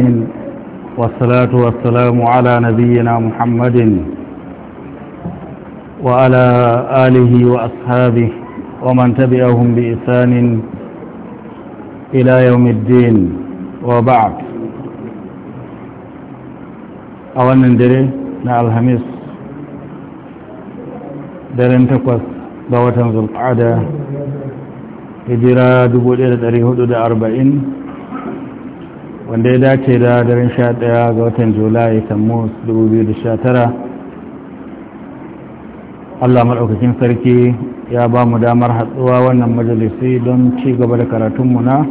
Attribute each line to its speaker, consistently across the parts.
Speaker 1: العالمين والصلاة والسلام على نبينا محمد وعلى آله وأصحابه ومن تبعهم بإحسان إلى يوم الدين وبعد أولا ندري na alhamis daren takwas ga watan zulqa'ada hijira أربعين wanda ya dace da daren sha daya ga watan julai tamu 2019 allah maɗaukakin sarki ya ba mu damar hatsuwa wannan majalisi don ci gaba da karatunmu na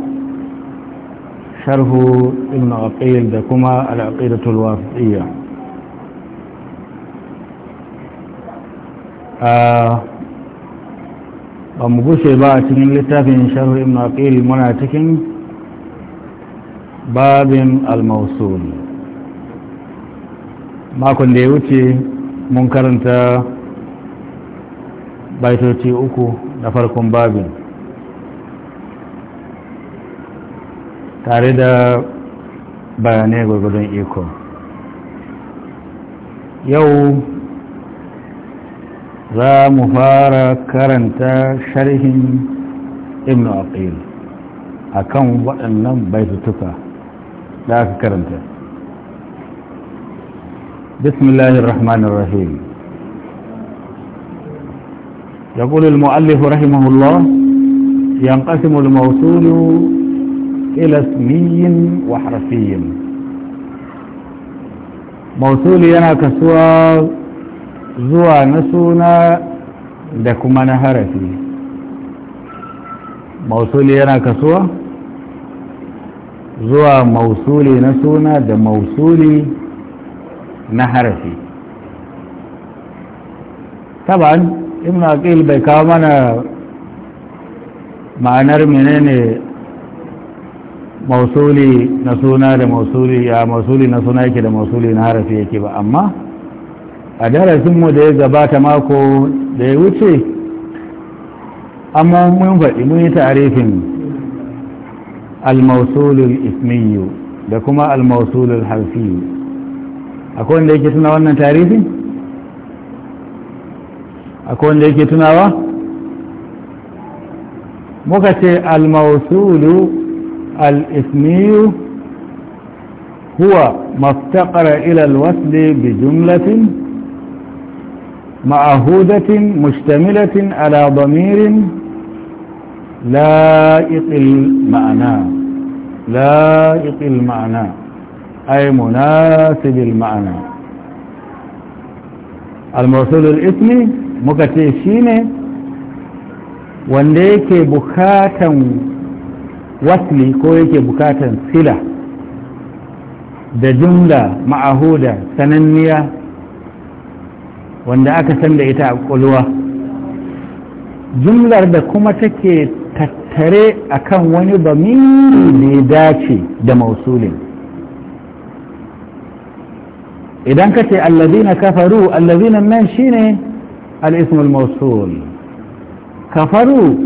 Speaker 1: sharhu ibn aqil da kuma al'aqidatul wasiya ba mu gushe ba a cikin littafin sharhu ibn aqil muna cikin babin al-mausul makon da ya wuce mun karanta baitoci uku na farkon babin tare da bayanai gwagwadon iko yau za mu fara karanta sharhin ibn aqil akan waɗannan baitutuka ذاك كرنت بسم الله الرحمن الرحيم يقول المؤلف رحمه الله ينقسم الموصول الى اسمي وحرفي موصول انا كسوى زوى نسونا لكم انا هرفي موصول انا كسوى zuwa mausuli na suna da mausuli na harafi taban ibn aqil bai kawo mana ma'anar menene mausuli na suna da mausuli ya mausuli na suna yake da mausuli na harafi yake ba amma a darasinmu da ya gabata mako da ya wuce amma mun faɗi mun yi ta'arifin. الموصول الاسمي ده كما الموصول الحرفي اكون ده يكي تعريفي تاريخي اكون ده يكي تناوى مكتي الموصول الاسمي هو ما افتقر الى الوصل بجملة معهودة مشتملة على ضمير لائق المعنى لائق المعنى أي مناسب المعنى المرسول الاسمي مكتشين wanda yake bukatan watli ko yake bukatan sila da jumla ma'ahuda sananniya wanda aka san da ita a kulwa jumlar da kuma take tattare akan wani bamiri da ya dace da mausulin idan ka ce allazina kafaru allazina nan shine al-ismul mausul kafaru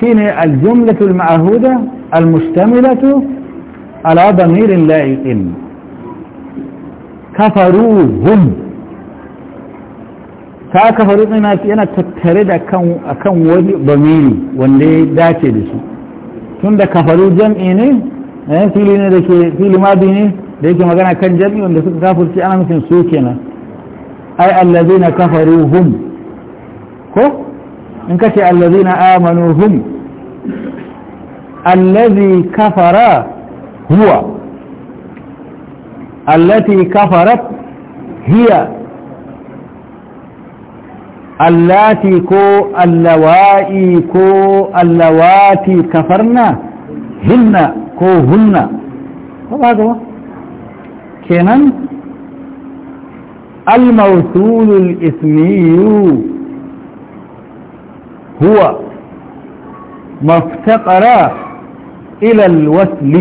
Speaker 1: shine al-jumlatu al-ma'huda al-mustamilatu ala damirin la'iqin kafaru hum ta kafa rutsin yana tattare da kan wani bamiri wanda ya dace da su tun da kafaru jam'i ne eh, fili ne da ke fili madi ne da yake magana kan jam'i wanda suka kafurci ana nufin su kenan ai allazi na kafaru hum ko in ka ce allazi na amanu hum allazi kafara huwa allati kafarat hiya اللاتي كو اللوائي كو اللواتي كفرنا هن كو هن هذا هو الموصول الاسمي هو ما افتقر الى الوصل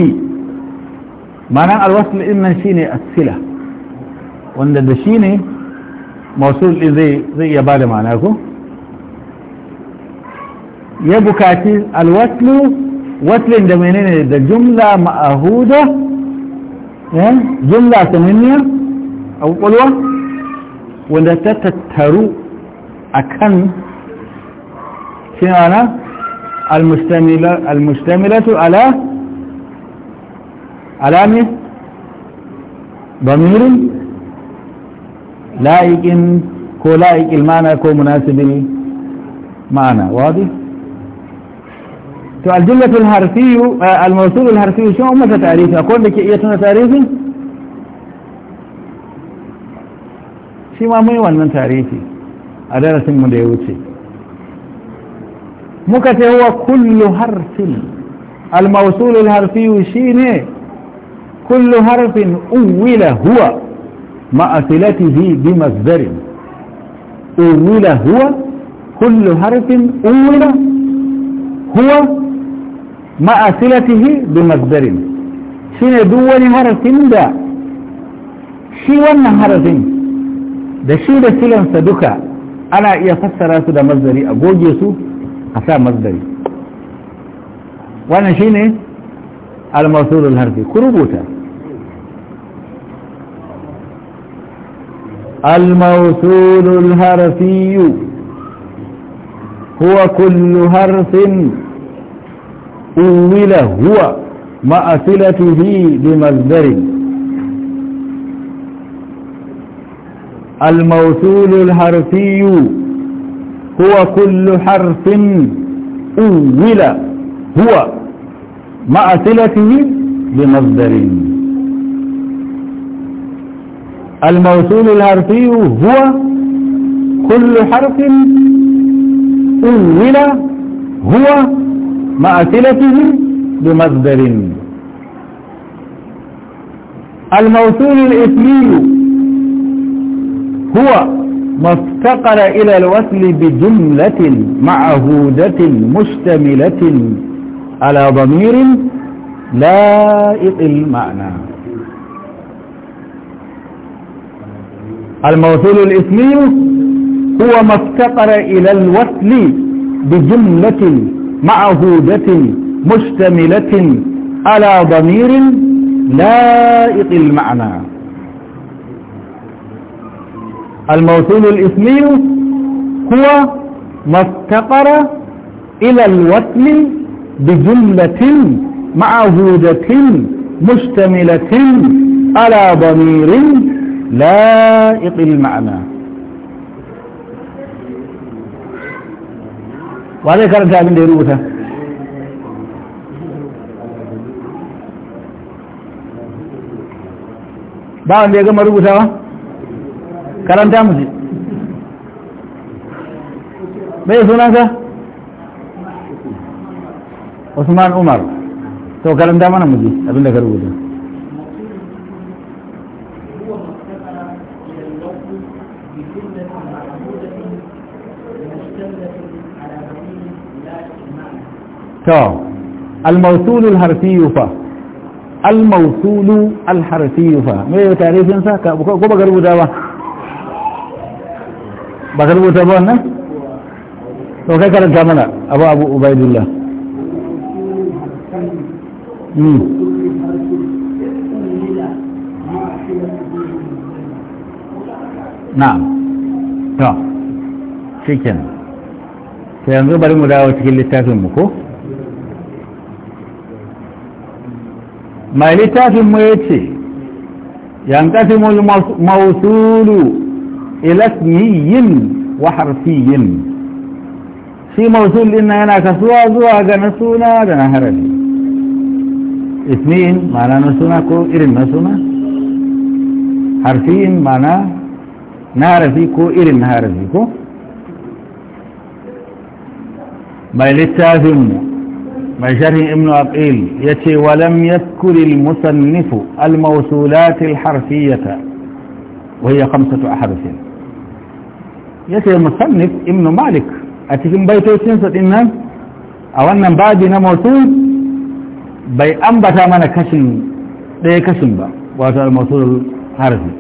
Speaker 1: معنى الوصل ان شيني الصله وان شيني mausul din zai iya ba da ma'ana ko ya bukaci alwaslu waslin da menene da jumla ma'ahuda eh, jumla sananniya a kwakwalwa wanda ta tattaru a kan sinana almustamilatu ala alami bamirin لائقين كو لائق المعنى كو مناسب المعنى واضح تو الجملة الحرفية آه، الموصول الحرفي شو هم تعريفها كون لك ايه تنا تعريفي ما مي وان من تعريفي ادرا من ديوتي مكت هو كل حرف الموصول الحرفي شيني كل حرف اول هو مع مأثلته بمصدر أول هو كل حرف أول هو مع مأثلته بمصدر شين دول حرف دا شين حرف دا شين دا سلن صدوكا أنا إيا يفسر هذا مصدر أقول جيسو أسا مصدر وانا شين المصدر الحرف كروبوتا الموصول الهرفي هو كل هرف أول هو مع صلته بمصدر الموصول الحرفي هو كل حرف أول هو مع صلته بمصدر الموصول الحرفي هو كل حرف أول هو مع صلته بمصدر الموصول الاسمي هو ما افتقر إلى الوصل بجملة معهودة مشتملة على ضمير لائق المعنى الموصول الاسمي هو ما افتقر إلى الوصل بجملة معهودة مشتملة على ضمير لائق المعنى الموصول الاسمي هو ما افتقر إلى الوصل بجملة معهودة مشتملة على ضمير لائق المعنى
Speaker 2: وعليه كانت تعمل ديروتا
Speaker 1: ba wanda ya gama rubuta rubutawa karanta musu mai sunanka usman umar to karanta mana muji abinda ka rubuta to al-mawsul al-harfi fa al-mawsul al-harfi fa me ya tarifin sa ka ko ba garbuta ba ba garbuta ba wannan to kai karanta mana abu abu ubaidullah hmm. na to cikin kenan sai yanzu bari mu dawo cikin littafin mu ko mai littafinmu ya ce yankasimul mausulu ilasmiyin wa harfiyin shi mausul ɗin yana kasuwa zuwa ga na suna da na harafi ismiyin ma'ana na suna ko irin na suna harfiyin ma'ana na harafi ko irin na harafi ko mai littafinmu من شرح ابن أبئيل يتي ولم يذكر المصنف الموصولات الحرفية وهي خمسة أحرف يتي المصنف ابن مالك أتكم بيتو سنسة إنها أو أن بعدنا موصول بي أنبت من كسن بي كسن با وهذا الموصول الحرفي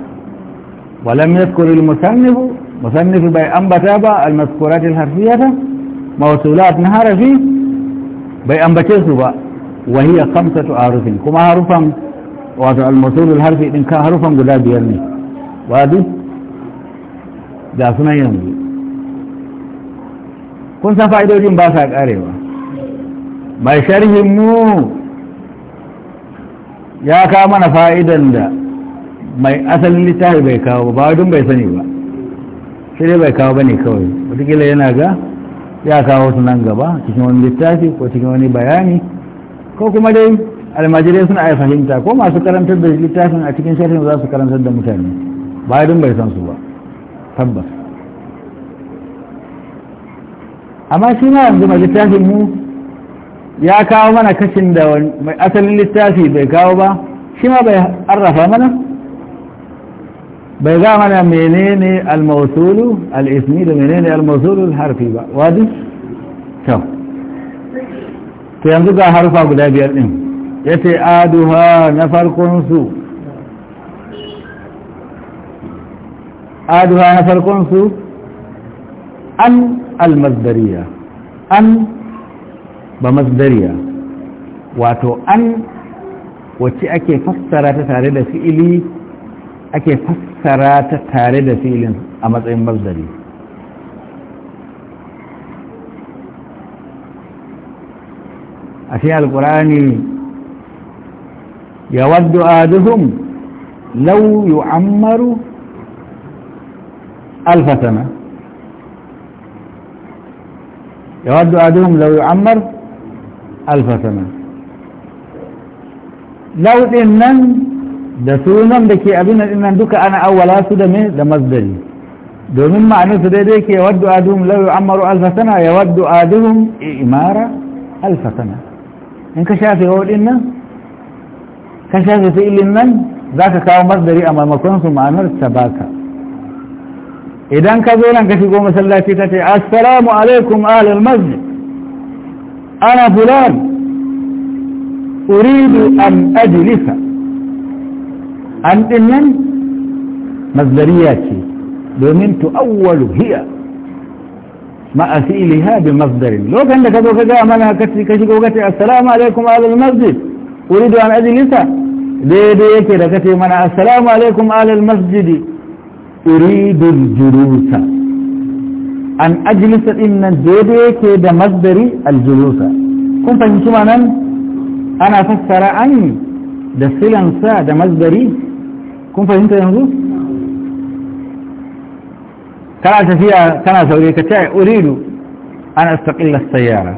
Speaker 1: ولم يذكر المصنف مصنف بي أنبت با المذكورات الحرفية موصولات نهار فيه bai ambace su ba wahiya kamsatu harufin kuma harufan wato almasulul harfi din kan harufan guda biyar ne wadu da sunan yanzu kun san fa'idojin ba sa karewa mai sharhin mu ya kawo mana fa'idan da mai asalin littafi bai kawo ba wadun bai sani ba shi dai bai kawo ba ne kawai watakila yana ga ya kawo su nan gaba cikin wani littafi ko cikin wani bayani ko kuma dai almajirai suna ai fahimta ko masu karantar da littafin a cikin sharhin za su karantar da mutane ba don bai san su ba tabbas amma shi ma yanzu mai littafin mu ya kawo mana kashin da mai asalin littafi bai kawo ba shi ma bai arrafa mana bai ga mana menene al-mawsulu al-ismi da menene al-mawsulu al-harfi ba wadi to to yanzu ga harfa guda biyar din yace aduha na farkon su aduha na farkon su an al-masdariya an ba masdariya wato an wacce ake fassara ta tare da fi'ili ake fassara ta tare da filin a matsayin mazdari a shi alkurani ya waddu aduhum lau yu'ammaru alfa alfasana ya waddu a duhun lauyu alfa sana lau din nan da sunan da ke abin nan duka ana awwala su da me da masdari domin ma'anar su daidai ke waddu aduhum law yu'ammaru alf sana ya waddu aduhum imara alf sana in ka shafe wadin nan ka shafe fi'ilin nan zaka kawo masdari a maimakon su ma'anar tabaka idan ka zo nan ka shigo masallaci ka ce assalamu alaikum ahlul masjid ana fulan uridu an ajlisa an ɗin nan mazdariya ce domin tu'awwalu hiya ma'a fi'liha bi masdarin lokacin da ka zo ka ga mana ka ci ka shigo ka ce assalamu alaikum alal masjid uridu an ajlisa daidai yake da kace mana assalamu alaikum alal masjid uridu al-julusa an ajlisa din nan daidai yake da masdari al-julusa kun fahimci nan ana fassara an da silansa da masdari kun fahimta yanzu kana tafiya kana saurayi ka ce uridu an astaqilla as-sayyara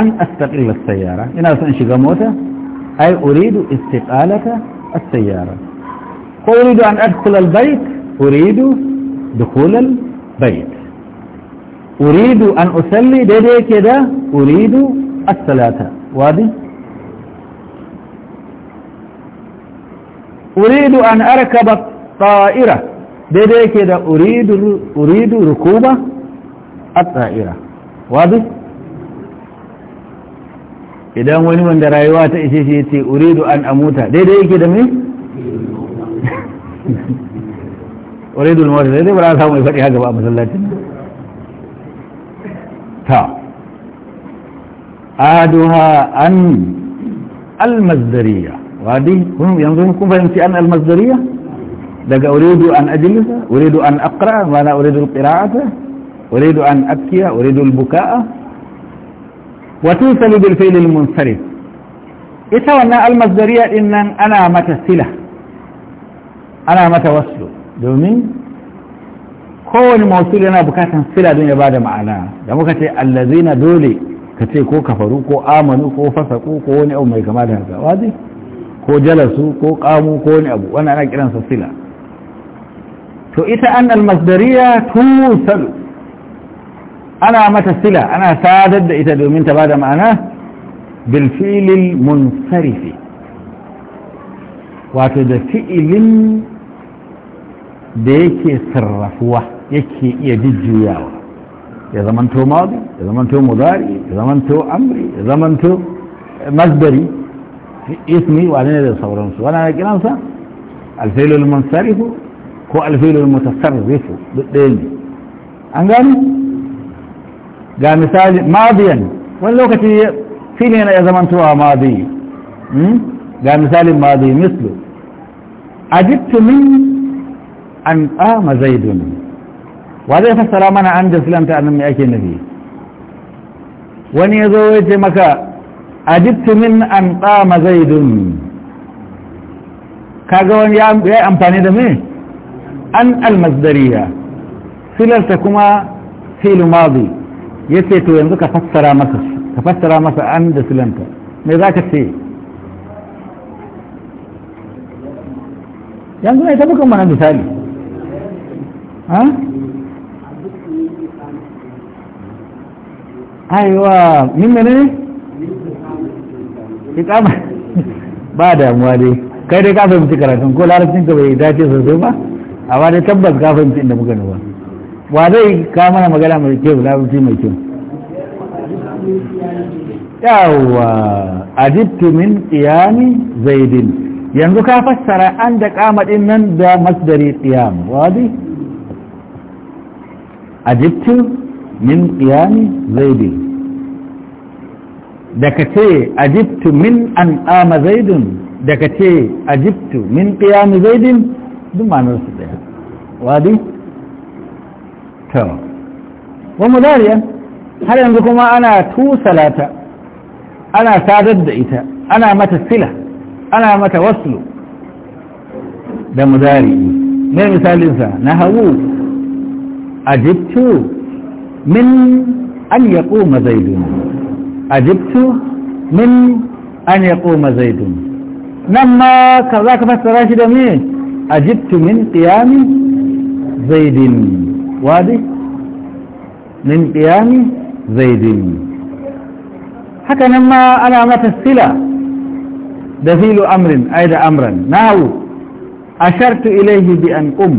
Speaker 1: an astaqilla as-sayyara ina son shiga mota ay uridu istiqalata as-sayyara ko uridu an adkhula al-bayt uridu dukhula al-bayt uridu an usalli daidai yake da uridu as-salata wadi uridu an arkaba ta'ira daidai yake da uridu uridu rukuba at-ta'ira wadi idan wani wanda rayuwa ta ishe shi yace uridu an amuta daidai yake da me uridu al-mawt daidai ba za mu faɗi haka ba a masallacin ta aduha an al-mazdariya غادي ينظر لكم فهمتي أن المصدرية لقى أريد أن أجلس أريد أن أقرأ ولا أريد القراءة أريد أن أبكي أريد البكاء وتوصل بالفعل المنصرف إتوانا المصدرية إن أنا متسلة أنا متوصل دومين كون موصول أنا بكاتا سلة دنيا بعد معنا دموكة الذين دولي كتيكو كفروكو آمنوكو فسقوكو وني نعم، أو ميكما لها سواده ko jalasu ko kamu ko wani abu wannan ana kiransa sila to ita an almasdariya tusalu ana mata sila ana sadar da ita domin ta bada ma'ana bilfilil munsarifi wato da fi'ilin da yake sarrafuwa yake iya jujjuyawa ya zamanto madi ya zamanto Muzari, ya zamanto amri ya zamanto masdari اسمي وانا ده صبر نفسه وانا كلام صح الفيل المنصرف هو الفيل المتصرف يسو بالدين انغان قال مثال ماضيا وان لو كتي فيني انا يا زمان تو ماضي امم جاء مثال ماضي مثل اجبت من ان قام زيد وعليه السلام انا عند سلمت ان ما اكي نبي وان يزوج مكه ajibtu min an qama zaidun kaga wani ya yi amfani da me an almasdariya filarta kuma filu madi yace to yanzu ka fassara masa ka fassara masa an da silanta me zaka ce yanzu ne ta bukan mana misali ha aiwa min menene iqama ba damuwa dai kai dai ka fahimci karatun ko larabcin ka bai dace sosai ba a wani tabbas ka fahimci inda muka nufa ba zai kama na magana mai kyau larabci mai kyau yawa ajibtu min qiyami zaidin yanzu ka fassara an da kama din nan da masdari qiyam wadi ajibtu min qiyami zaidin da ka ce ajibtu min an ama zaidun da ka ce ajibtu min qiyami zaidin duk ma'anar su daya wadi to wa mudariyan har yanzu kuma ana tusalata ana sadar da ita ana mata sila ana mata waslu da mudari mai misalinsa na hagu ajibtu min an yaquma zaidun أجبت من أن يقوم زيد نما كذاك مثل راشد أمين أجبت من قيام زيد وادي من قيام زيد حكى نما أنا متسلة دفيل أمر أيضا أمرا ناو أشرت إليه بأن قم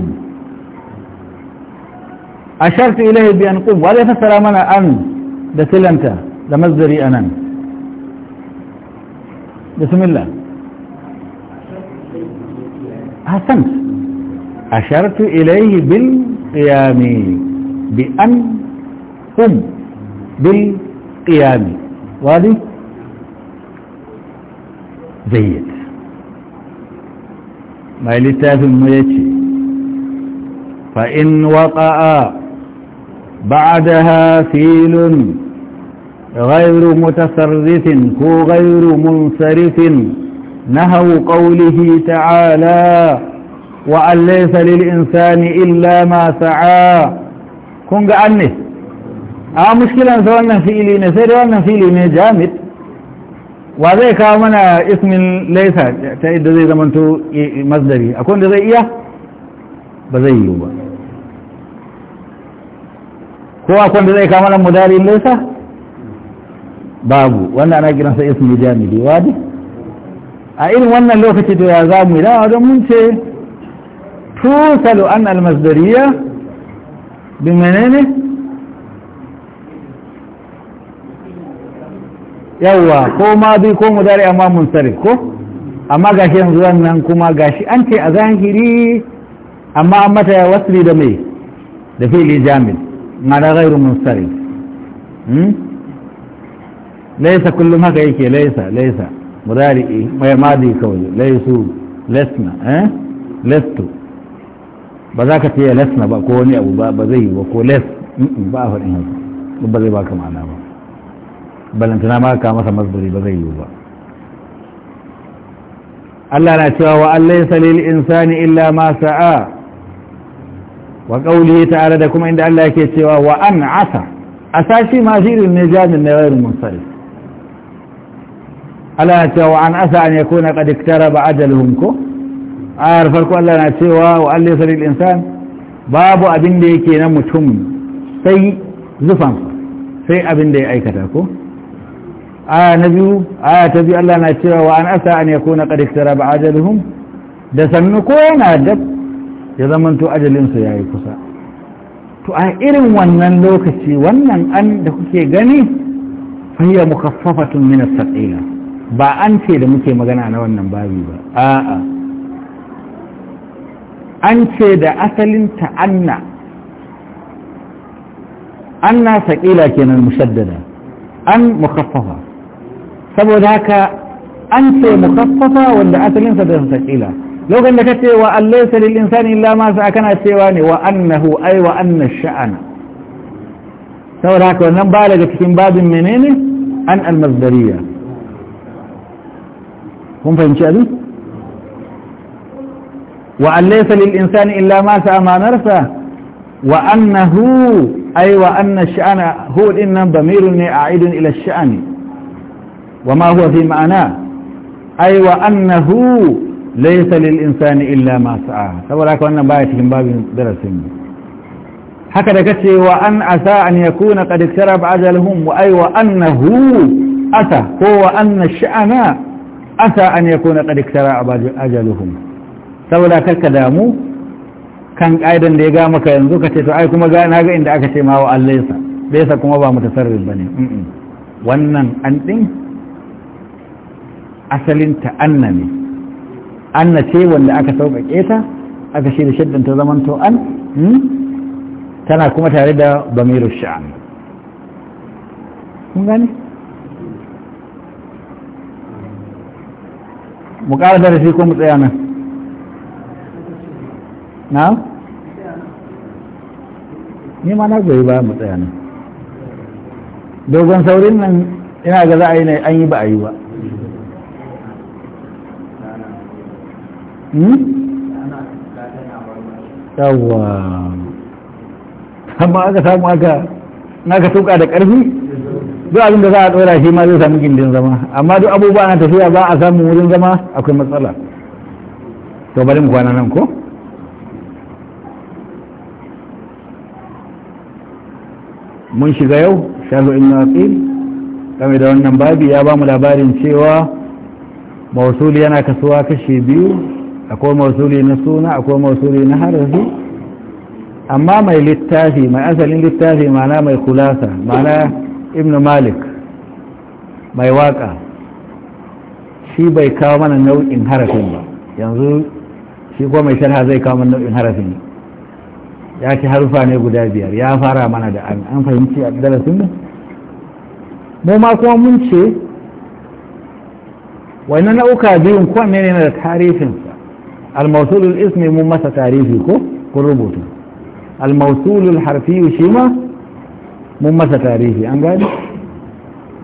Speaker 1: أشرت إليه بأن قم وليس فسر منا أن دسلنته ده مصدري أنا بسم الله أحسنت أشرت إليه بالقيام بأن قم بالقيام وهذه جيد ما يلتاف الميتي فإن وقع بعدها فيل غير متصرف كو غير منصرف نهوا قوله تعالى وأن ليس للإنسان إلا ما سعى كن قعني آه مشكلة سوانا فيلي نسير وانا فيلي جامد وذي كامنا اسم ليس تأيد ذي زمنتو مصدري أكون ذي إياه يوبا هو أكون ذي كامنا مداري ليسه babu wannan ana kiransa ismi jamidi wadi a irin wannan lokaci da ya za mu idan don mun ce tusalu an almasdariya bi ne. yawa ko ma bi ko mudari amma mun sare ko amma gashi yanzu wannan kuma gashi an ce a zahiri amma an mata ya wasri da mai da fili jamid ma da gairu mun sare hmm? laisa kullum haka yake laisa laisa mudari eh, mai madi kawai laisu lesna eh lestu ba za ka ce lesna ba ko wani abu ba zai yi ba ko les ba a faɗin haka ba zai baka ma'ana ba balantana ma ka masa masdari ba zai yi ba Allah na cewa wa Allah ya salil insani illa ma sa'a wa kauli ta'ala da kuma inda Allah yake cewa wa an asa asashi ma shirin ne jami'in na gairin munsarif Allah na cewa an asa an na qad iktaraba ajaluhum ko ayar farko Allah na cewa wa allaysa lil insan babu abin da yake na mutum sai zufan sai abin da ya aikata ko aya na biyu aya ta biyu Allah na cewa wa an asa an na qad iktaraba ajaluhum da sannu ko yana dab ya zamanto ajalin ya yi kusa to a irin wannan lokaci wannan an da kuke gani fahiyya mukaffafatun min as-saqila ba an ce da muke magana na wannan babi ba a'a an ce da asalin ta'anna anna saƙila kenan mushaddada an mukaffafa saboda haka an ce mukaffafa wanda asalinsa da saƙila lokacin da ka ce wa allai salil insani illa lama sa kana cewa ne wa annahu ai wa anna sha'ana saboda haka wannan ba daga cikin babin menene an almazdariya هم فهمت هذه وأن ليس للإنسان إلا ما سعى ما نرفع وأنه أي وأن الشأن هو إن ضمير أعيد إلى الشأن وما هو في معناه أي وأنه ليس للإنسان إلا ما سعى سوالك وأن بايتك من باب درس هكذا كتشي وأن أساء أن يكون قد اكترب عجلهم وأي وأنه أتى هو أن الشأن asa an yakuna qad iktara ajaluhum saboda karka damu kan ƙa'idan da ya ga maka yanzu ka ce to ai kuma na ga inda aka ce ma wa allaisa kuma ba mutasarrif bane wannan an din asalin ta anna ne anna ce wanda aka sauƙaƙe ta aka shi da shaddan ta zaman to an hmm? tana kuma tare da bamiru sha'an kun gane mu ƙara darasi ko mu tsaya nan na? ni ma na goyi ba mu tsaya nan dogon saurin nan ina ga za a yi ne an yi ba a yi ba hmm? yawwa amma aka samu aka na ka tuka da ƙarfi duk abin da za a ɗora shi ma zai samu gindin zama amma duk abubuwa na tafiya ba a samu wurin zama akwai matsala to bari mu kwana nan ko mun shiga yau shazo in yaqil game da wannan babi ya ba mu labarin cewa mausuli yana kasuwa kashi biyu akwai mausuli na suna akwai mausuli na harafi amma mai littafi mai asalin littafi ma'ana mai kulasa ma'ana ibn malik mai waka shi bai kawo mana nau'in harafin ba yanzu shi kuma mai sharha zai kawo mana nau'in harafin ya ci harufa ne guda biyar ya fara mana da an an fahimci a darasin mu mu ma kuma mun ce wannan nau'uka biyun ko ne na da tarihin al-mawsulul ismi mun masa tarihi ko kun rubuta al-mawsulul harfi shi ma mun masa tarihi an gani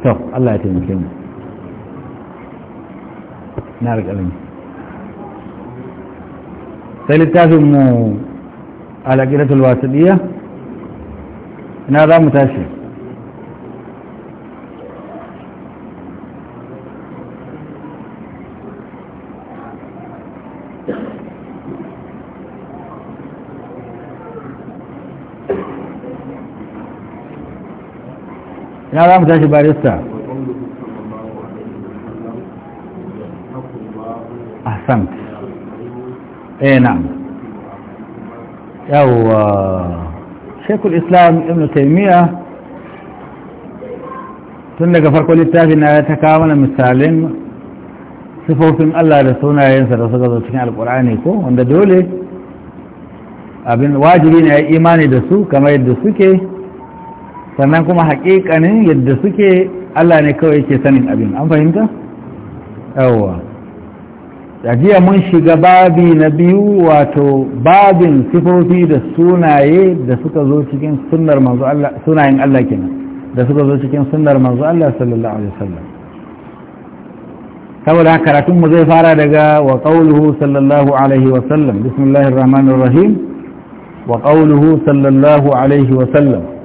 Speaker 1: to Allah ya taimake mu na rikalin sai littafin mu alaƙiratul ɗiya na za mu tashi
Speaker 2: ina za mu tashi barista ahsan
Speaker 1: eh na'am yawwa shekul islam ibn taimiyya tun daga farko littafi na ya ta kawo mana misalin sifofin Allah da sunayensa da suka zo cikin alkur'ani ko wanda dole abin wajibi ne ya imani da su kamar yadda suke sannan kuma haƙiƙanin yadda suke Allah ne kawai yake sanin abin an fahimta? yawwa jiya mun shiga babi na biyu wato babin sifofi da sunaye da suka zo cikin sunnar manzo Allah sunayen Allah kenan da suka zo cikin sunnar manzo Allah sallallahu alaihi wasallam saboda karatun mu zai fara daga wa qawluhu sallallahu alaihi wasallam bismillahir rahmanir rahim wa qawluhu sallallahu alaihi wasallam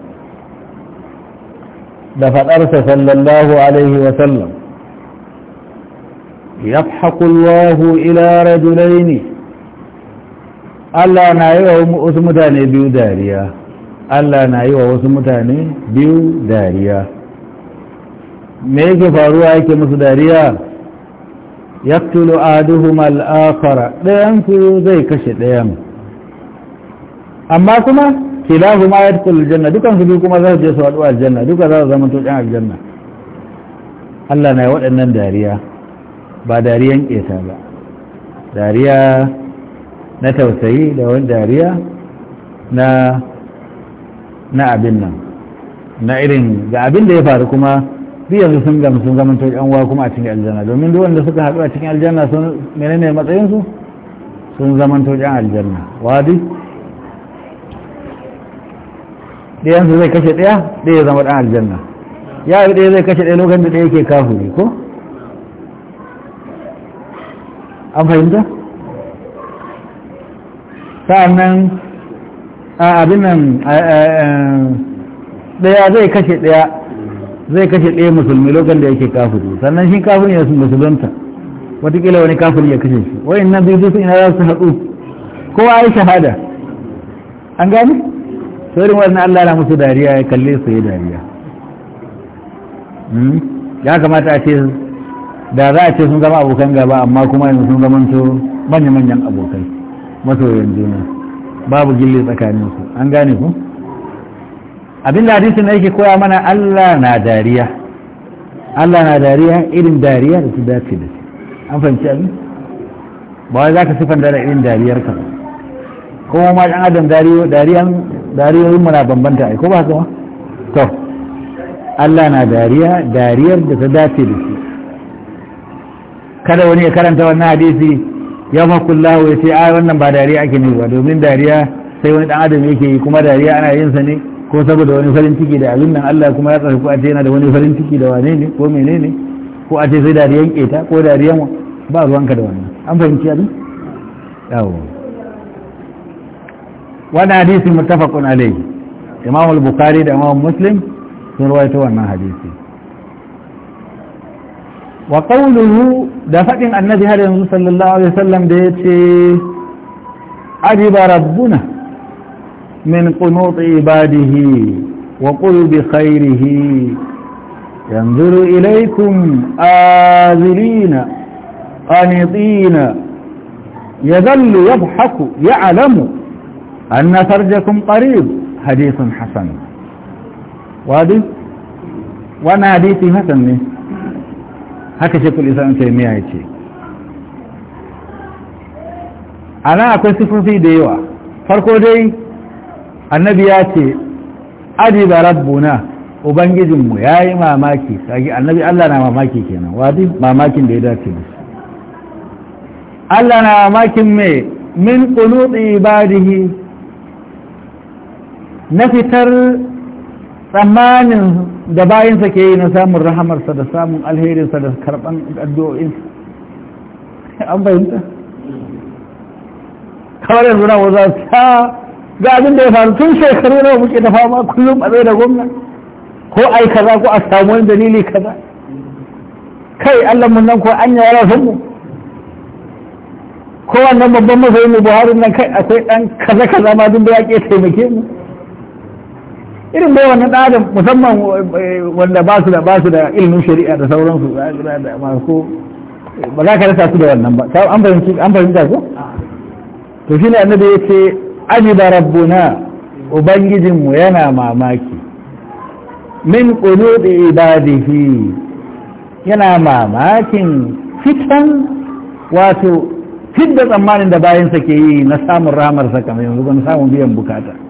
Speaker 1: da faɗarsa sallallahu alaihi wasallam yafhaqullahu ila rajulaini Allah na yi wa wasu mutane biyu dariya Allah na yi wa wasu mutane biyu dariya me yake faruwa yake musu dariya yaktulu aduhuma al-akhara zai kashe ɗayan. amma kuma kilahu ma yadkhulu aljanna dukan su biyu kuma za su je su haɗu aljanna duka za su zama to aljanna Allah na yi waɗannan dariya ba dariyan ƙeta ba dariya na tausayi da wani dariya na na abin nan na irin ga abin da ya faru kuma duk yanzu sun gamsu sun zama to ɗan kuma a cikin aljanna domin duk wanda suka haɗu a cikin aljanna sun menene matsayinsu sun zama to ɗan aljanna wadi ɗayansu zai kashe ɗaya ɗaya zama ɗan aljanna ya yi ɗaya zai kashe ɗaya lokacin da ɗaya ke ne ko an fahimta sa'annan a abin nan ɗaya zai kashe ɗaya zai kashe ɗaya musulmi lokacin da yake ne sannan shi ne ya musulunta watakila wani ne ya kashe shi wa'in nan biyu su ina za su haɗu kowa ya shahada an gani to irin wannan Allah na musu dariya ya kalle su yi dariya hmm? ya kamata a ce da za a ce sun zama abokan gaba amma kuma yanzu sun zama manya-manyan abokai masoyan juna babu gilli tsakaninsu an gane ku abin da hadisi na yake koya mana Allah na dariya Allah na dariya irin dariya da su dace da shi an fahimci abin ba wai za ka sifan da irin dariyar ka kuma ma ɗan adam dariyan dariyoyin muna bambanta ai ko ba haka ma to Allah na dariya dariyar da ta dace da shi kada wani ya karanta wannan hadisi ya makullahu ya ce ai wannan ba dariya ake ne ba domin dariya sai wani dan adam yake yi kuma dariya ana yin sa ne ko saboda wani farin ciki da abin nan Allah kuma ya tsarku a ce yana da wani farin ciki da wane ne ko menene ko a ce sai dariyan keta ko dariyan ba ruwanka da wannan an fahimci abin yawo wani hadisi mutafakun alaihi imam al-bukhari da imam muslim sun ruwaito wannan hadisi wa qawluhu da fadin annabi har yanzu sallallahu alaihi wasallam da yace ajiba rabbuna min qunut ibadihi wa qul bi khairihi yanzuru ilaykum azilina qanitina yadhallu yadhhaku ya'lamu أن فرجكم قريب حديث حسن وادي وانا حديثي حسن ne haka shekul isa'in taimiyya ya ce a nan akwai sifofi da yawa farko dai annabi ya ce adiba ya yi mamaki sagi annabi allah na mamaki kenan wadi mamakin da ya dace allah na mamakin mai min kunuɗi ibadihi na fitar tsammanin da bayansa ke yi na samun rahamarsa da samun alherinsa da karɓan addu'o'insa an fahimta kawai yanzu na waza ta ga abin da ya faru tun shekaru na muke da fama kullum a tsaye da gwamna ko a kaza ko a samu wani dalili kaza kai allah mun nan ko an yara sun mu ko wannan babban masoyin mu buhari nan kai akwai ɗan kaza kaza ma duk da ya ke taimake mu irin bai wannan ɗarin musamman eh, eh, wanda ba su da ba su da ilimin shari'a da sauransu da masu eh, ba za ka rasa su da wannan ba an fahimci an fahimta ko to shi ne annabi ya ce ajiba rabbuna ubangijinmu yana mamaki min qunudi ibadihi yana mamakin fitan wato fit da tsammanin da bayansa ke yi na samun ramarsa kamar yanzu na samun biyan bukata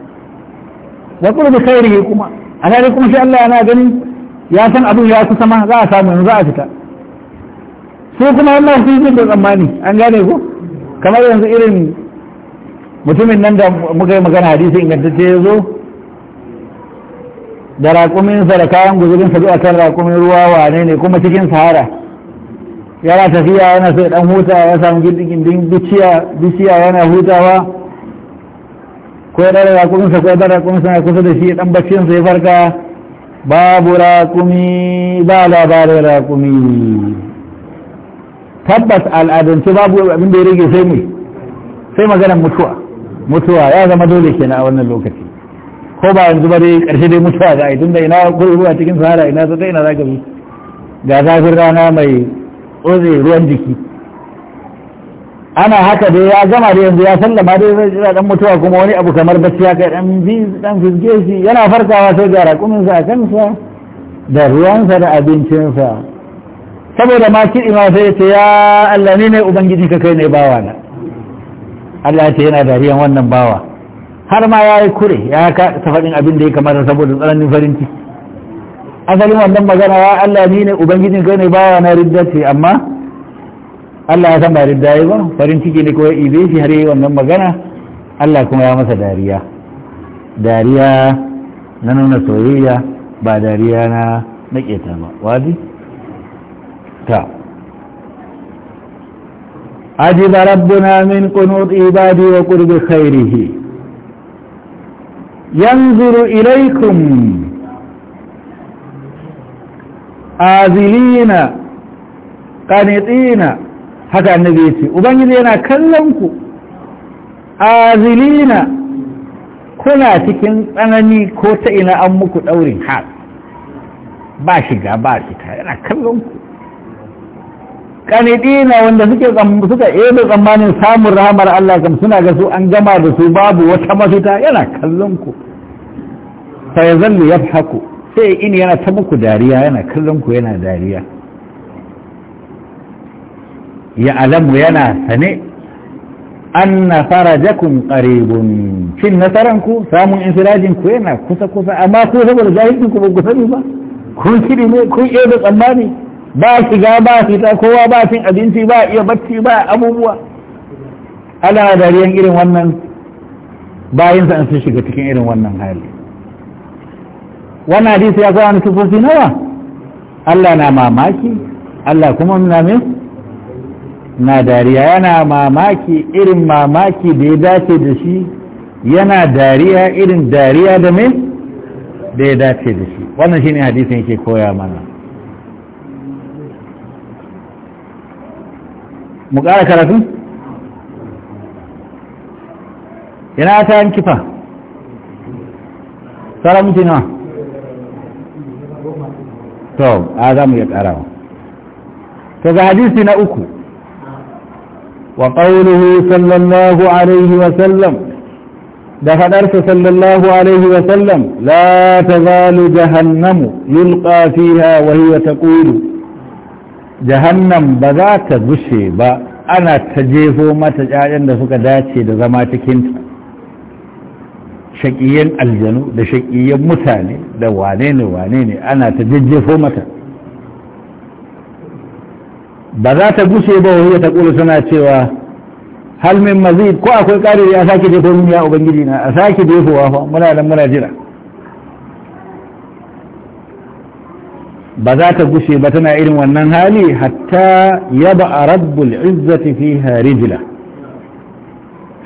Speaker 1: wa qurbi khairihi kuma alhali kuma shi Allah yana ganin ya san abin ya su sama za a samu yanzu a fita su kuma wannan sun yi da tsammani an gane ko kamar yanzu irin mutumin nan da muka yi magana hadisi ingantacce ya zo da raƙuminsa da kayan guzurinsa zuwa kan raƙumin ruwa wane ne kuma cikin sahara yana tafiya yana sai dan huta ya samu gindin bishiya yana hutawa ko ya dara raƙuminsa ko ya dara raƙuminsa na kusa da shi ɗan baccinsa ya farka babu raƙumi ba labarin raƙumi tabbas al'adance babu abin da ya rage sai mai sai maganar mutuwa mutuwa ya zama dole kenan a wannan lokaci ko ba yanzu ba dai ƙarshe dai mutuwa ga tun da ina ko ruwa cikin sahara ina ta ina zaka ka ga zafin rana mai tsotse ruwan jiki ana haka dai ya gama da yanzu ya sallama dai zai jira dan mutuwa kuma wani abu kamar bacci ya kai dan bi dan fizge shi yana farkawa sai ga raƙumin sa a kansa da ruwansa da abincinsa saboda ma kidi ma sai ce ya Allah ni ne ubangiji ka kai ne bawa na Allah ce yana dariyan wannan bawa har ma ya kure ya ka faɗin abin da ya kamata saboda tsananin farin ciki asalin wannan magana ya Allah ni ne ka kai ne bawa na ridda amma Allah ya san ba ridda ba farin ciki ne kawai ibe shi har yi wannan magana Allah kuma ya masa dariya dariya na nuna soyayya ba dariya na naketa ba wadi ta rabbuna min من ibadi wa وقرب khairihi yanzuru إليكم azilina qanitina haka annabi ya ce ubangiji yana kallon ku azilina kuna cikin tsanani ko ta ina an muku ɗaurin har ba shiga ba fita yana kallon ku kanidina wanda suke suka ebe tsammanin samun rahamar Allah kam suna ga su an gama da su babu wata mafita yana kallon ku fa yazallu haku sai in yana ta muku dariya yana kallon ku yana dariya ya alamu yana sane an na fara jakun ƙaribun cin nasaranku samun infirajinku yana kusa-kusa amma ku saboda jahilin ku ba ku sani ba kun shiri ne kun iya da tsammani ba ga ba ta kowa ba cin abinci ba iya bacci ba abubuwa ana dariyan irin wannan bayan sa sun shiga cikin irin wannan hali wannan hadisi ya kawo wani tufofi nawa Allah na mamaki Allah kuma na min na dariya yana mamaki irin mamaki da ya dace da shi yana dariya irin dariya da mai da ya dace da shi wannan shine hadisun yake koya mana mu ƙara karatu yana ta kifa tsara mutuna to a za mu iya ƙarawa to ga hadisi na uku وقوله صلى الله عليه وسلم ده درس صلى الله عليه وسلم لا تزال جهنم يلقى فيها وهي تقول جهنم بذات بشي با أنا تجيفو ما تجعلن دفك داتي دزماتك انت shakiyen aljanu da shakiyen mutane da wane وانيني wane ne ana ta jajjefo ba za ta gushe ba wani ta kula suna cewa hal min mazid ko akwai ƙari ya sake jefo min ya ubangiji na a sake jefowa fa muna nan muna jira ba za ta gushe ba tana irin wannan hali hatta yaba a rabbul izzati fiha rijla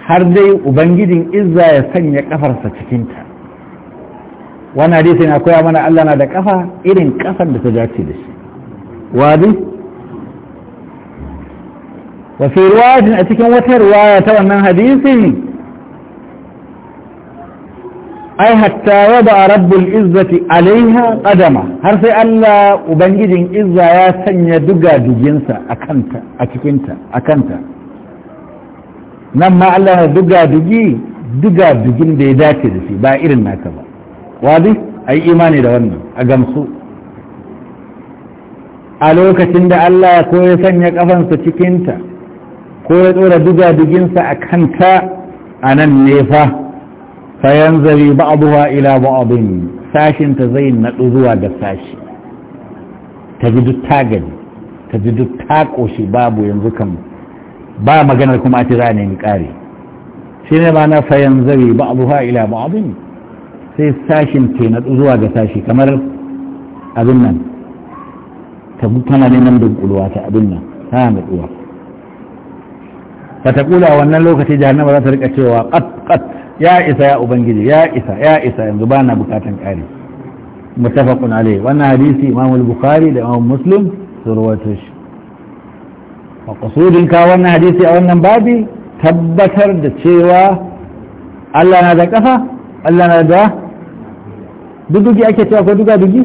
Speaker 1: har dai ubangijin izza ya sanya kafarsa cikinta wani hadisi na koya mana Allah na da kafa irin kafar da ta dace da shi wadi وفي رواية أتكم وثي رواية ومن حديث أي حتى وضع رب الإزة عليها قدما حرص ألا أبنجد إزة ياسن يدقى دجنسا أكنت أتكنت أكنت نما ألا دقى دجي دقى دجن بيداتي دسي بائر ما كبا واضح أي إيماني دوانا أقمصو a lokacin da Allah ya koya sanya kafansa cikinta ko ya ɗora diga-diginsa a kanta a nan nefa fayan zari ba'abuwa ila ba'abin sashinta zai naɗu zuwa ga sashi ta ji duk ta gani ta ji duk ta ƙoshi babu yanzu kan ba maganar kuma a ci za a nemi ƙari shi ne ba na fayan zari ba'abuwa ila ba'abin sai sashin ke naɗu zuwa ga sashi kamar abin nan ta tana neman dunkulwa ta abin nan ta naɗuwa fata kula a wannan lokacin ba za ta rika cewa kat ya isa ya ubangiji ya isa ya isa yanzu ba na bukatan kare mutafakun alai wannan hadisi imam bukari da imam muslim su rawaito shi a kusurin ka wannan hadisi a wannan babi tabbatar da cewa allah na da ƙafa allah na da dugdugi ake cewa ko dugadugi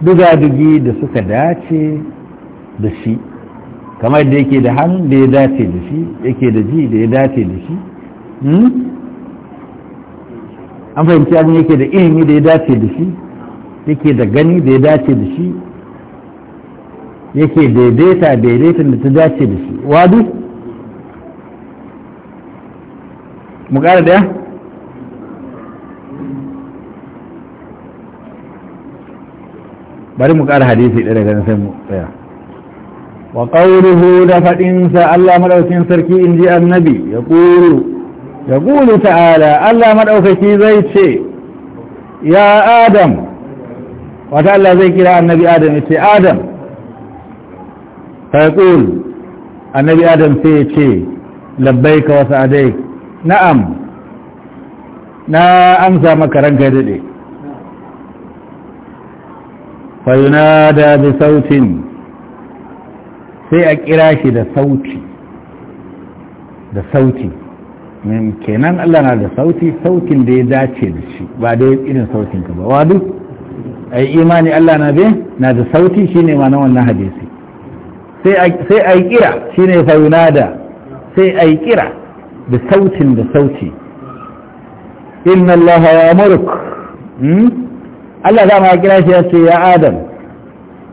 Speaker 1: dugadugi da suka dace da shi kamar da yake da han da ya dace da shi yake da ji da ya dace da shi hmm? an fahimci abin yake da ilimi da ya dace da shi yake da gani da ya dace da shi yake daidaita daidaitan da ta dace da shi wadu mu kara daya bari mu kara hadisi ɗaya daga sai mu tsaya wa qawluhu da fadin sa Allah madaukin sarki inji annabi yaqulu yaqulu ta'ala Allah madaukaki zai ce ya adam wata Allah zai kira annabi adam yace adam fa yaqulu annabi adam sai ya ce labbaika wa sa'adaik na'am na amsa fa sautin sai a kira shi da sauti da sauti kenan Allah na da sauti sautin da ya dace da shi ba da irin sautin ka ba wa duk ai imani Allah na be na da sauti shine ma na wannan hadisi sai a yi kira shine fayunada sai a yi kira da sautin da sauti inna hmm? Allah ya murk Allah za mu kira shi ya ce ya Adam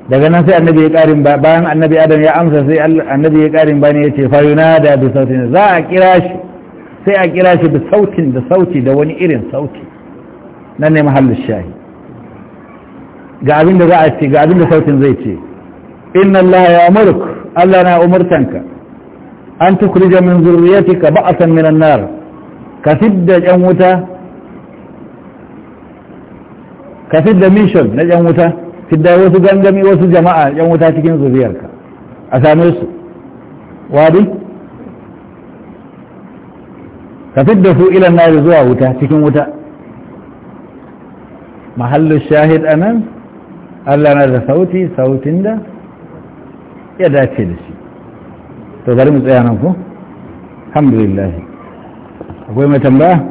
Speaker 1: daga nan sai annabi ya karin ba bayan annabi adam ya amsa sai annabi ya karin ba ne ya ce fayuna da bi sautin za a kira shi sai a kira shi bi sautin da sauti da wani irin sauti nan ne mahallin shahi ga abin da za a ce ga abin da sautin zai ce inna Allah ya amurk Allah na umurtanka an tukrija min zurriyatika ba'atan min annar ka fidda yan wuta ka fidda mission na yan wuta fidda wasu gangami wasu jama'a yan wuta cikin zuriyarka a same su wadi ka fidda su ilan nari zuwa wuta cikin wuta mahallu shahid anan Allah na da sauti sautin da ya dace da shi to bari mu tsaya nan ku? alhamdulillah akwai mai tambaya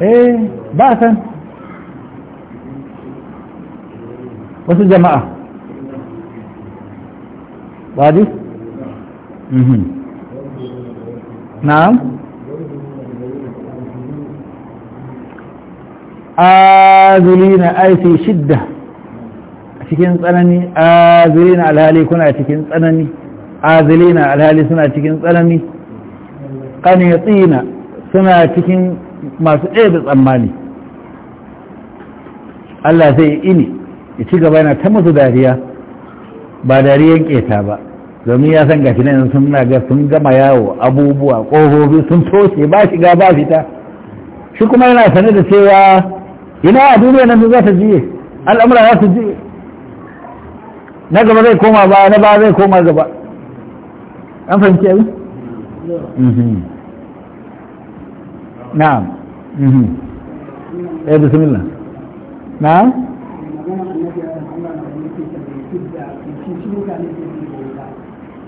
Speaker 1: eh ba san wasu jama'a wadi? Mhm. na'am azulina ai fi shidda cikin tsanani azulina alhali kuna cikin tsanani azulina alhali suna cikin tsanani qanitina suna cikin masu ɗaya da tsammani Allah zai yi. ini ya ci gaba yana ta musu dariya ba dariyan keta ba domin ya san gashi nan sun ga sun gama yawo abubuwa ƙofofi sun toshe ba shiga ba fita shi kuma yana sane da cewa ina a duniya nan za ta jiye al'amura za su jiye na gaba zai koma ba na ba zai koma gaba an fahimci abin mm-hmm. na'am بسم الله نعم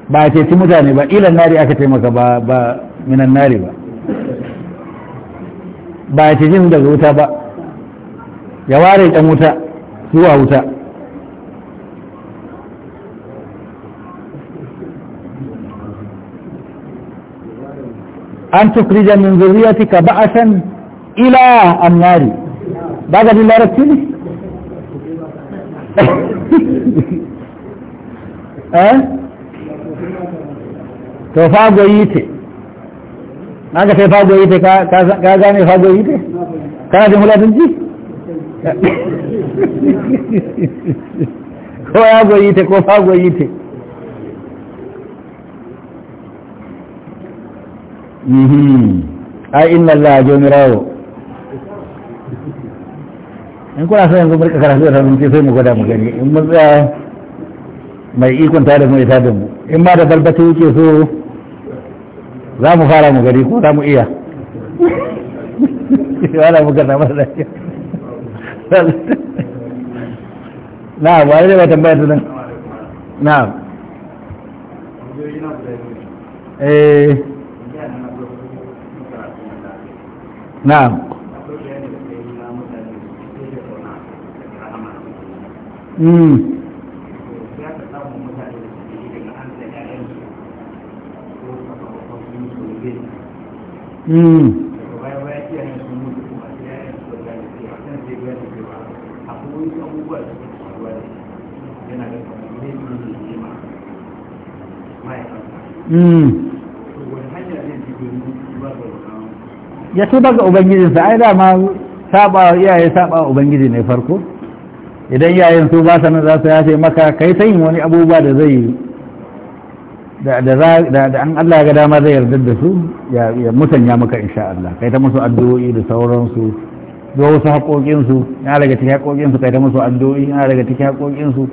Speaker 1: ba a ceci mutane ba ilan nari aka taimaka ba ba minan nari ba ba a ceci daga wuta ba ya ware ɗan wuta zuwa wuta an tukrija min zurriyatika ba'atan ila annari
Speaker 2: ba ga larabci ne
Speaker 1: eh to fagoyi ce na ga sai fagoyi ce ka gane fagoyi ce kana jin hulatun ji ko ya goyi ce ko fagoyi ce Mhm. ai inna Allah jomirawo in kuna sai yanzu barka karatu da sanin sai mu gwada mu gani in mun tsaya mai ikon ta da mu ita da mu in ma da balbata yake so za mu fara mu gari ko za mu iya wala mu na masa na ba ne ba tambaya ta nan na eh na'am mm mm mm ya tuba ga ubangijinsa ai dama saba iyaye saba ubangiji ne farko idan yayin su ba sanar za su yafe maka kai ta yin wani abubuwa da zai da an Allah ga dama zai yarda da su ya musanya maka insha Allah kai ta musu addu'o'i da sauransu da wasu haƙoƙinsu ya daga cikin haƙoƙinsu kai ta musu addu'o'i ya daga cikin haƙoƙinsu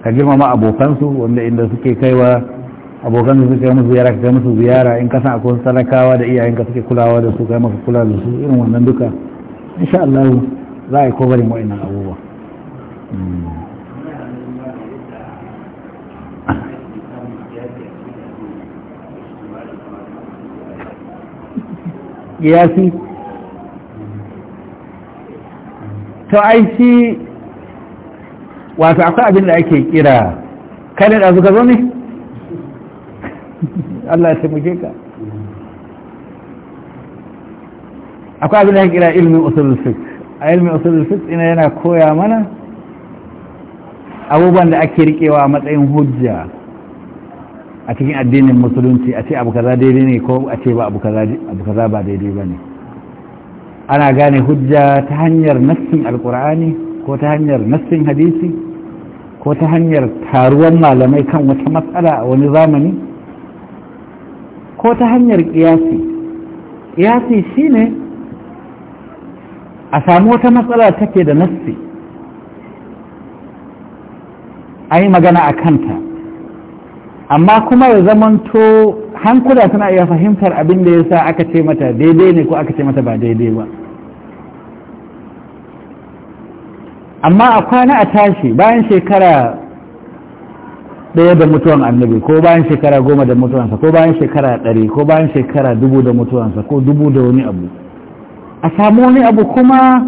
Speaker 1: ka girmama abokansu wanda inda suke kaiwa abokan su kai musu ziyara kai musu ziyara in ka san akwai sadakawa da iyayenka suke kulawa da su kai musu kula da su irin wannan duka insha Allah za a yi kovarin wa'annan abubuwa kiyasi hmm. to ai shi wato akwai abin da ake kira kai da zuka zo ne Allah ya taimake ka akwai abin da ya kira ilmin usulul fiqh a ilmin usulul fiqh ina yana koya mana abubuwan da ake rikewa a matsayin hujja a cikin addinin musulunci a ce abu kaza daidai ne ko a ce ba abu kaza ba daidai ba ne ana gane hujja ta hanyar nassin alkur'ani ko ta hanyar nassin hadisi ko ta hanyar taruwan malamai kan wata matsala a wani zamani ko ta hanyar ƙiyasi ƙiyasi shine a samu wata matsala take da nassi a yi magana a kanta amma kuma ya zamanto hankula suna iya fahimtar abin da ya sa aka ce mata daidai ne ko aka ce mata ba daidai ba amma a kwana a tashi bayan shekara ɗaya da mutuwan annabi ko bayan shekara goma da mutuwansa ko bayan shekara ɗari ko bayan shekara dubu da mutuwansa ko dubu da wani abu a samu wani abu kuma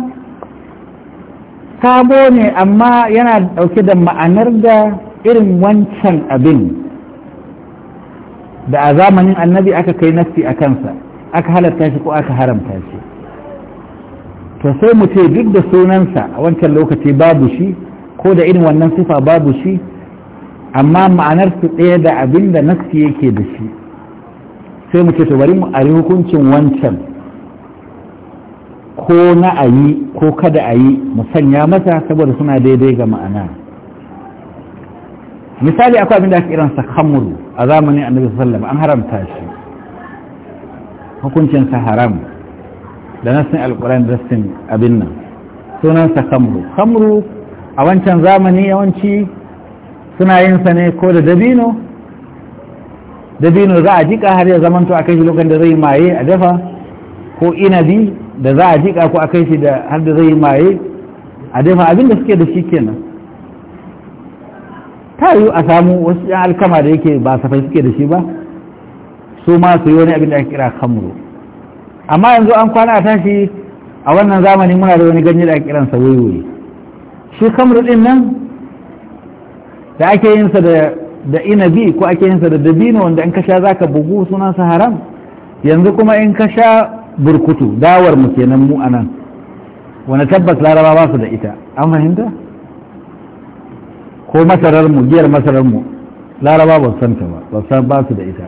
Speaker 1: sabo ne amma yana ɗauke da ma'anar da irin wancan abin da a zamanin annabi aka kai nafi a kansa aka halatta shi ko aka haramta shi to sai mu ce duk da sunansa a wancan lokaci babu shi ko da irin wannan sifa babu shi amma ma'anar su ɗaya da abin da nassi yake da shi sai mu ce to bari mu ari hukuncin wancan ko na a yi ko kada a yi mu sanya mata saboda suna daidai ga ma'ana misali akwai abin da ake iransa kamuru a zamanin annabi sallam an haramta shi sa haram da nassin alquran da nassin abin nan sunansa kamuru kamuru a wancan zamani yawanci suna yin sa ne ko da dabino dabino za a jika har ya zamanto a kai shi lokacin da zai maye a dafa ko inabi da za a jika ko a kai shi da har da zai maye a dafa abinda suke da shi kenan ta yiwu a samu wasu yan alkama da yake ba safai suke da shi ba su ma su yi wani abin da ake kira kamro amma yanzu an kwana a tashi a wannan zamani muna da wani ganye da ake kiransa waiwaye shi kamro din nan da ake yin sa da inabi ko ake yin sa da dabino wanda in ka sha zaka bugu sunan sa haram yanzu kuma in ka sha burkutu dawar mu kenan mu anan wani tabbas laraba ba su da ita an fahimta ko masarar mu giyar masarar mu laraba ba san santa ba ba san ba su da ita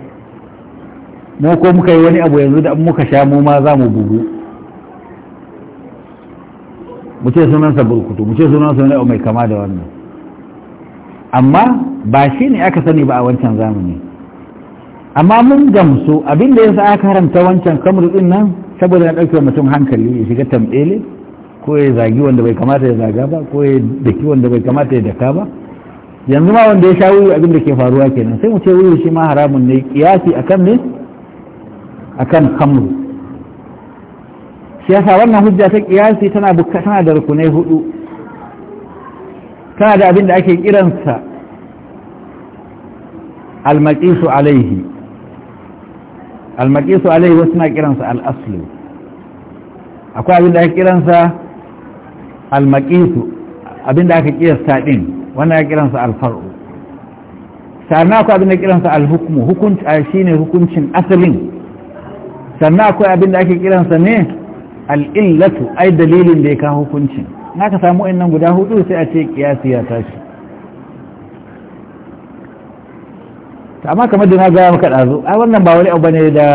Speaker 1: mu ko muka yi wani abu yanzu da muka sha mu ma za mu bugu mu ce sunansa burkutu mu ce sunansa ne mai kama da wannan amma ba shi ne aka sani ba a wancan zamani amma mun gamsu abinda ya sa aka haramta wancan kamru din nan saboda ya ɗauke mutum hankali ya shiga tambele ko ya zagi wanda bai kamata ya zaga ba ko ya daki wanda bai kamata ya daka ba yanzu ma wanda ya sha wuyu abinda ke faruwa kenan sai mu ce wuyu shi ma haramun ne kiyasi akan ne akan kamru shi wannan hujja ta kiyasi tana da rukunai hudu Kana da abin da ake kiransa almaƙisu alaihi almaƙisu alaihi wasu na kiransa al'aslu akwai abin da ake kiransa almaƙisu abin da aka kiyasta ɗin wannan ya kiransa alfar'u sannan akwai abin da kiransa alhukumu shi ne hukuncin asalin sannan akwai abin da ake kiransa ne al'illatu ai dalilin da ya kawo hukuncin na ka samu nan guda hudu sai a ce kiyasi ya tashi amma kamar da na gaya maka ɗazu a wannan ba wani abu eh, ne da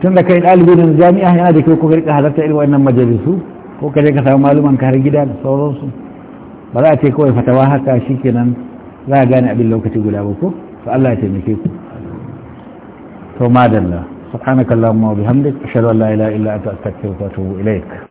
Speaker 1: tun da kai ɗalibin jami'a yana da kyau ko ka halarta irin wannan majalisu ko ka ka samu maluman har gida da sauransu ba za a ce kawai fatawa haka shikenan za a gane abin lokaci guda ba ko to Allah ya taimake ku to madalla subhanakallahumma wa bihamdik ashhadu an la ilaha illa anta astaghfiruka wa atubu ilaik